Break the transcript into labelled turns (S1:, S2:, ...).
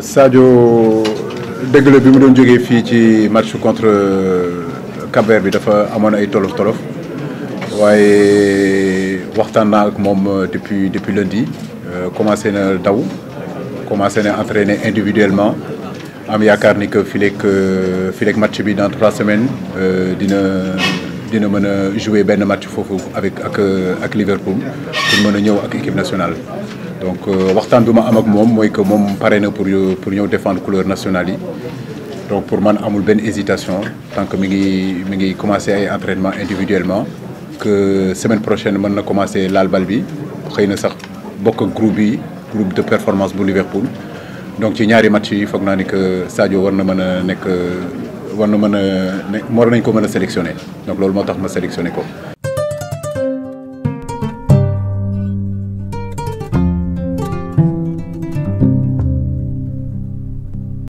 S1: Sadio dëgg la bi mu doon jógee ci match contre euh, Cap-Vert bi dafa amoon ay tolof tolof waaye waxtaan naa ak euh, depuis depuis lundi euh, commencé na daw commencé à entraîner individuellement am que filé que filé match bi dans trois semaines dina dina manière jouer ben match foofu avec avec Liverpool pour manière a ñëw ak équipe nationale donc euh, waxtan bi am ak mom moy que mom pare na pour euh, pour ñeu défendre couleur nationale yi donc pour man amul ben hésitation tant que mi ngi mi ngi commencer ay entraînement individuellement que semaine prochaine mën na commencé laal bi xëy sax bokk groupe bi groupe de performance bu Liverpool donc ci ñaari match yi foog naa ni que Sadio war na mën nek war na mën a nañ ko mën sélectionner donc lolu motax tax ma sélectionné ko